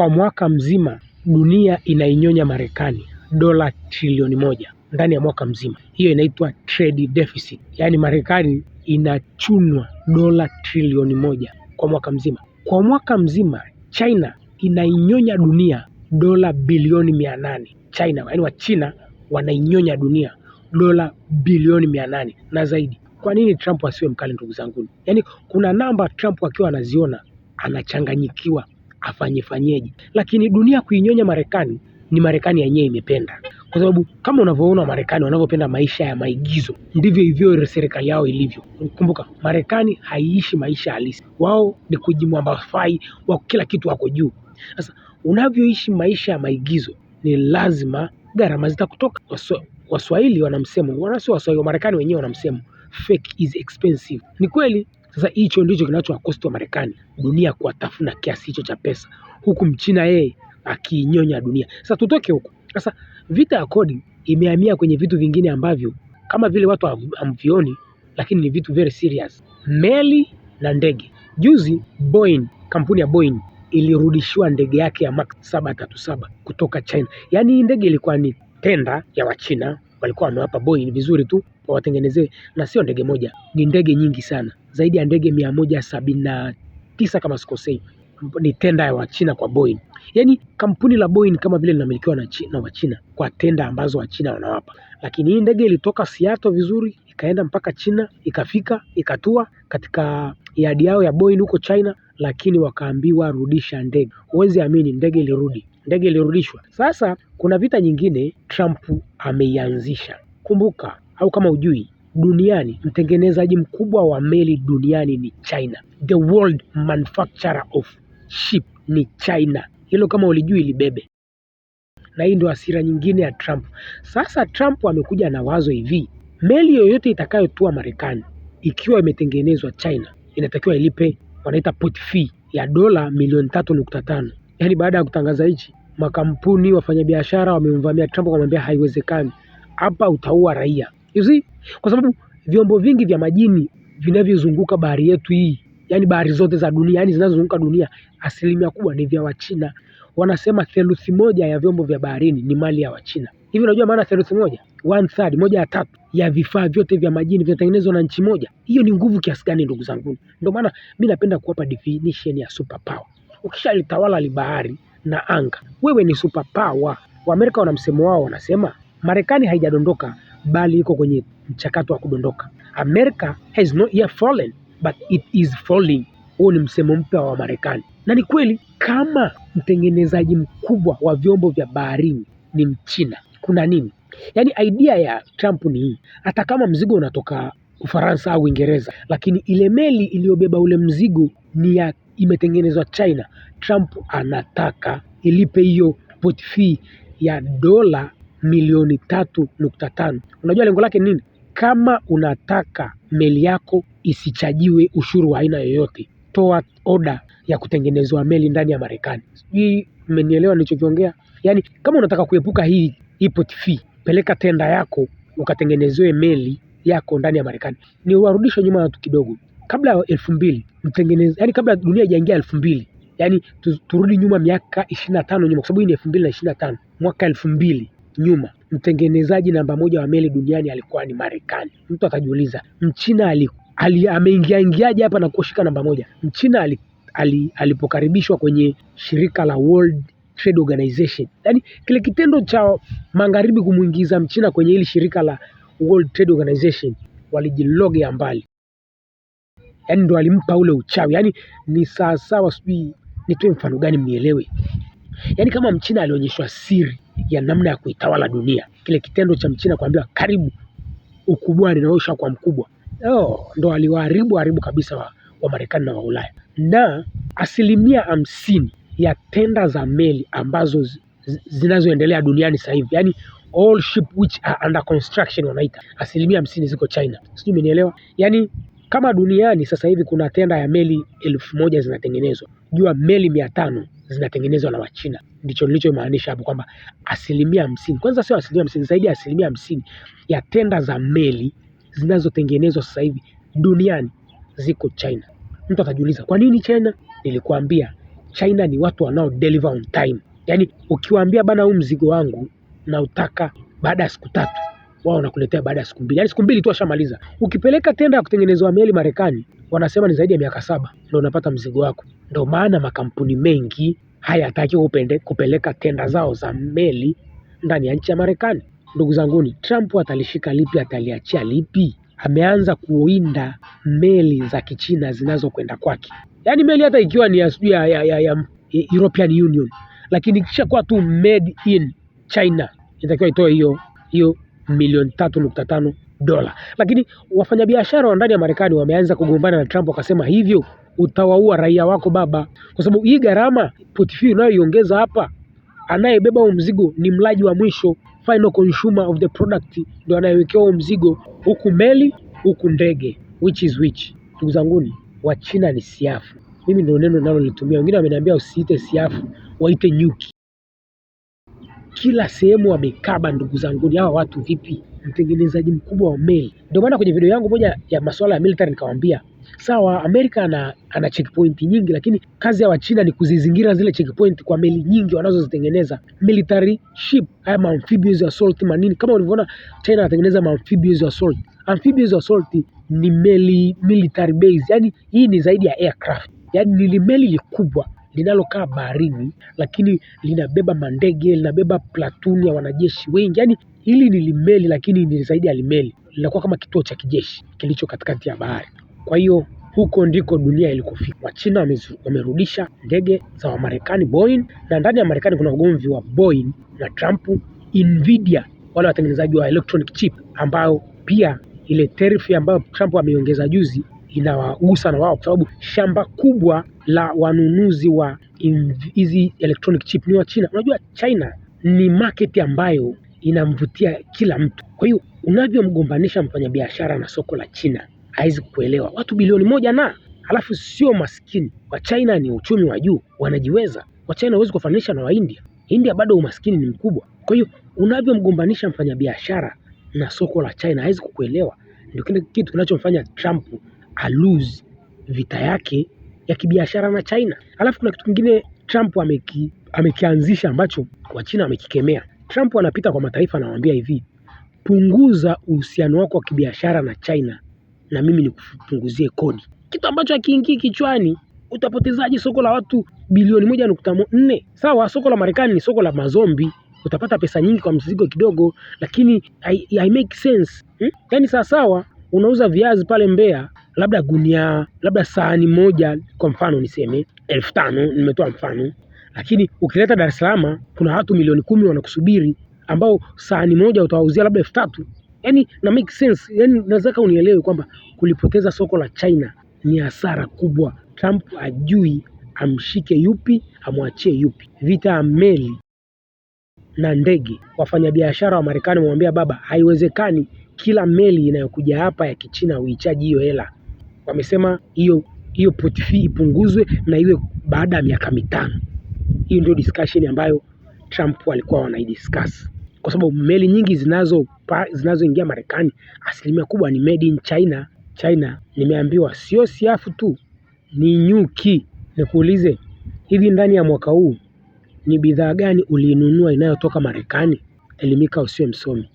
Kwa mwaka mzima dunia inainyonya Marekani dola trilioni moja ndani ya mwaka mzima. Hiyo inaitwa trade deficit, yaani Marekani inachunwa dola trilioni moja kwa mwaka mzima. Kwa mwaka mzima China inainyonya dunia dola bilioni mia nane. China yaani Wachina wanainyonya dunia dola bilioni mia nane na zaidi. Kwa nini Trump asiwe mkali ndugu zangu? Yaani kuna namba Trump akiwa anaziona anachanganyikiwa fanyeje, lakini dunia kuinyonya Marekani ni Marekani yenyewe imependa, kwa sababu kama unavyoona Marekani wanavyopenda maisha ya maigizo, ndivyo hivyo serikali yao ilivyo. Kumbuka Marekani haiishi maisha halisi, wao ni kujimwambafai wa kila kitu wako juu. Sasa unavyoishi maisha ya maigizo, ni lazima gharama zitakutoka. Waswahili wanamsemo wanasio Waswahili wa Waswahili, wenyewe wanamsemo fake is expensive. Ni kweli. Sasa hicho ndicho kinachowakosti marekani dunia kuwatafuna kiasi hicho cha pesa, huku mchina yeye akiinyonya dunia. Sasa tutoke huko. Sasa vita ya kodi imehamia kwenye vitu vingine ambavyo kama vile watu hamvioni, lakini ni vitu very serious. Meli na ndege. Juzi Boeing, kampuni ya Boeing ilirudishiwa ndege yake ya Max 737 kutoka China. Yaani hii ndege ilikuwa ni tenda ya Wachina walikuwa wamewapa boi vizuri tu wawatengenezee, na sio ndege moja, ni ndege nyingi sana, zaidi ya ndege mia moja sabini na tisa kama sikosei, ni tenda ya Wachina kwa Boeing. Yaani kampuni la Boeing kama vile linamilikiwa na China, Wachina kwa tenda ambazo Wachina wanawapa, lakini hii ndege ilitoka Seattle vizuri ikaenda mpaka China, ikafika ikatua katika yadi yao ya Boeing huko China, lakini wakaambiwa rudisha ndege. Huwezi amini, ndege ilirudi ndege iliyorudishwa. Sasa kuna vita nyingine Trump ameianzisha. Kumbuka au kama ujui, duniani mtengenezaji mkubwa wa meli duniani ni China, the world manufacturer of ship ni China. Hilo kama ulijui libebe. Na hii ndio hasira nyingine ya Trump. Sasa Trump amekuja na wazo hivi, meli yoyote itakayotua Marekani ikiwa imetengenezwa China inatakiwa ilipe wanaita port fee ya dola milioni tatu nukta tano yani baada ya kutangaza hichi, makampuni wafanyabiashara wamemvamia Trump wakamwambia haiwezekani, hapa utaua raia. You see? Kwa sababu vyombo vingi vya majini vinavyozunguka bahari yetu hii, yani bahari zote za dunia, yani zinazozunguka dunia, asilimia kubwa ni vya Wachina. Wanasema theluthi moja ya vyombo vya baharini ni mali ya Wachina. Hivi unajua maana theluthi moja? One third, moja ya tatu ya vifaa vyote vya majini vinatengenezwa na nchi moja. Hiyo ni nguvu kiasi gani, ndugu zangu? Ndio maana mimi napenda kuwapa definition ya superpower ukishalitawala libahari na anga, wewe ni super power. Waamerika wana msemo wao, wanasema Marekani haijadondoka bali iko kwenye mchakato wa kudondoka. America has not yet fallen but it is falling. Huo ni msemo mpya wa Marekani, na ni kweli, kama mtengenezaji mkubwa wa vyombo vya baharini ni Mchina, kuna nini? Yaani idea ya Trump ni hii, hata kama mzigo unatoka Ufaransa au Uingereza, lakini ile meli iliyobeba ule mzigo ni ya imetengenezwa China. Trump anataka ilipe hiyo port fee ya dola milioni tatu nukta tano. Unajua lengo lake nini? Kama unataka meli yako isichajiwe ushuru wa aina yoyote, toa oda ya kutengenezwa meli ndani ya Marekani. Sijui mmenielewa nilichokiongea? Yaani kama unataka kuepuka hii hii port fee, peleka tenda yako ukatengenezewe meli yako ndani ya Marekani. Ni warudishe nyuma watu kidogo kabla ya elfu mbili mtengeneza, yani kabla dunia haijaingia elfu mbili yani turudi nyuma miaka ishirini na tano nyuma, kwa sababu hii ni elfu mbili na ishirini na tano mwaka elfu mbili nyuma mtengenezaji namba moja wa meli duniani alikuwa ni Marekani. Mtu atajiuliza mchina ameingiaingiaje hapa na kushika namba moja? Mchina ali, ali, alipokaribishwa kwenye shirika la World Trade Organization, yani kile kitendo cha magharibi kumwingiza mchina kwenye hili shirika la World Trade Organization walijilogea mbali yani ndo alimpa ule uchawi. Yani ni sawasawa, sijui nitoe mfano gani mnielewe. Yani kama Mchina alionyeshwa siri ya namna ya kuitawala dunia, kile kitendo cha Mchina kuambiwa karibu ukubwani na usha kwa mkubwa oh, ndo aliwaharibu haribu kabisa wa, wa Marekani na wa Ulaya. Na asilimia hamsini ya tenda za meli ambazo zinazoendelea duniani sasa hivi, yani all ship which are under construction wanaita, asilimia hamsini ziko China. Sijui umenielewa yani kama duniani sasa hivi kuna tenda ya meli elfu moja zinatengenezwa, jua meli mia tano zinatengenezwa na Wachina. Ndicho nilichomaanisha hapo kwamba asilimia hamsini, kwanza sio asilimia hamsini, zaidi ya asilimia hamsini ya tenda za meli zinazotengenezwa sasa hivi duniani ziko China. Mtu atajiuliza kwa nini China? Nilikuambia China ni watu wanao deliver on time, yaani ukiwaambia bana, huu mzigo wangu nautaka baada ya siku tatu wao wanakuletea baada ya siku mbili, yaani siku mbili tu ashamaliza. Ukipeleka tenda ya kutengenezwa meli Marekani, wanasema ni zaidi ya miaka saba ndio unapata mzigo wako. Ndio maana makampuni mengi hayataki kupeleka tenda zao za meli ndani ya nchi ya Marekani. Ndugu zanguni, Trump atalishika lipi? Ataliachia lipi? Ameanza kuinda meli za kichina zinazokwenda kwake, yaani meli hata ikiwa ni ya ya, ya, ya, ya European Union, lakini ikishakuwa tu made in China inatakiwa itoe hiyo hiyo milioni tatu nukta tano dola. Lakini wafanyabiashara wa ndani ya Marekani wameanza kugombana na Trump, wakasema hivyo utawaua raia wako baba, kwa sababu hii gharama portfolio unayoiongeza hapa, anayebeba huo mzigo ni mlaji wa mwisho, final consumer of the product ndio anayewekewa huo mzigo, huku meli, huku ndege, which is which. Ndugu zanguni, Wachina ni siafu. Mimi ndio neno ninalolitumia. Wengine wameniambia usiite siafu, waite nyuki kila sehemu wamekaba ndugu zanguni hawa watu vipi, mtengenezaji mkubwa wa meli. Ndio maana kwenye video yangu moja ya masuala ya military nikawaambia sawa, Amerika ana, ana checkpoint nyingi, lakini kazi ya Wachina ni kuzizingira zile checkpoint kwa meli nyingi wanazozitengeneza military ship, haya amphibious assault manini, kama ulivyoona China anatengeneza amphibious assault. Amphibious assault ni meli military base, yani hii ni zaidi ya aircraft, yani ni meli kubwa linalokaa baharini, lakini linabeba mandege, linabeba platuni ya wanajeshi wengi. yani hili ni limeli, lakini ni zaidi ya limeli, linakuwa kama kituo cha kijeshi kilicho katikati ya bahari. Kwa hiyo huko ndiko dunia ilikofika. Wachina wamerudisha ndege za Wamarekani Boeing, na ndani ya Marekani kuna ugomvi wa Boeing na Trump. Nvidia wale watengenezaji wa electronic chip, ambayo pia ile tarifu ambayo Trump ameongeza juzi inawagusa na wao kwa sababu shamba kubwa la wanunuzi wa hizi electronic chip ni wa China. Unajua China ni market ambayo inamvutia kila mtu. Kwa hiyo unavyomgombanisha mfanyabiashara na soko la China hawezi kuelewa Watu bilioni moja na halafu sio maskini. Wachina ni uchumi wa juu, wanajiweza. Wachina huwezi kufananisha na Waindia. India bado umaskini ni mkubwa. Kwa hiyo unavyomgombanisha mfanyabiashara na soko la China hawezi kukuelewa. Ndio kile kitu kinachomfanya Trump alose vita yake ya kibiashara na China. Alafu kuna kitu kingine Trump ameki, amekianzisha ambacho Wachina wamekikemea. Trump anapita kwa mataifa anawaambia hivi, punguza uhusiano wako wa kibiashara na China na mimi nikupunguzie kodi, kitu ambacho hakiingii kichwani. Utapotezaje soko la watu bilioni moja nukta nne? Sawa, soko la Marekani ni soko la mazombi, utapata pesa nyingi kwa mzigo kidogo, lakini I, I make sense hmm? Yaani sawasawa unauza viazi pale Mbeya labda gunia, labda sahani moja kwa mfano niseme elfu tano nimetoa mfano, lakini ukileta Dar es Salaam kuna watu milioni kumi wanakusubiri ambao sahani moja utawauzia labda elfu tatu yani na make sense, yani nazaka unielewe kwamba kulipoteza soko la China ni hasara kubwa. Trump ajui amshike yupi amwachie yupi. Vita ya meli na ndege, wafanyabiashara wa Marekani wamwambia baba, haiwezekani kila meli inayokuja hapa ya Kichina uhichaji hiyo hela wamesema hiyo hiyo port fee ipunguzwe na iwe baada ya miaka mitano. Hiyo ndio discussion ambayo Trump walikuwa wanaidiscuss, kwa sababu meli nyingi zinazo zinazoingia Marekani asilimia kubwa ni made in China. China nimeambiwa sio siafu tu, ni nyuki. Nikuulize, hivi ndani ya mwaka huu ni bidhaa gani ulinunua inayotoka Marekani? Elimika usiwe msomi.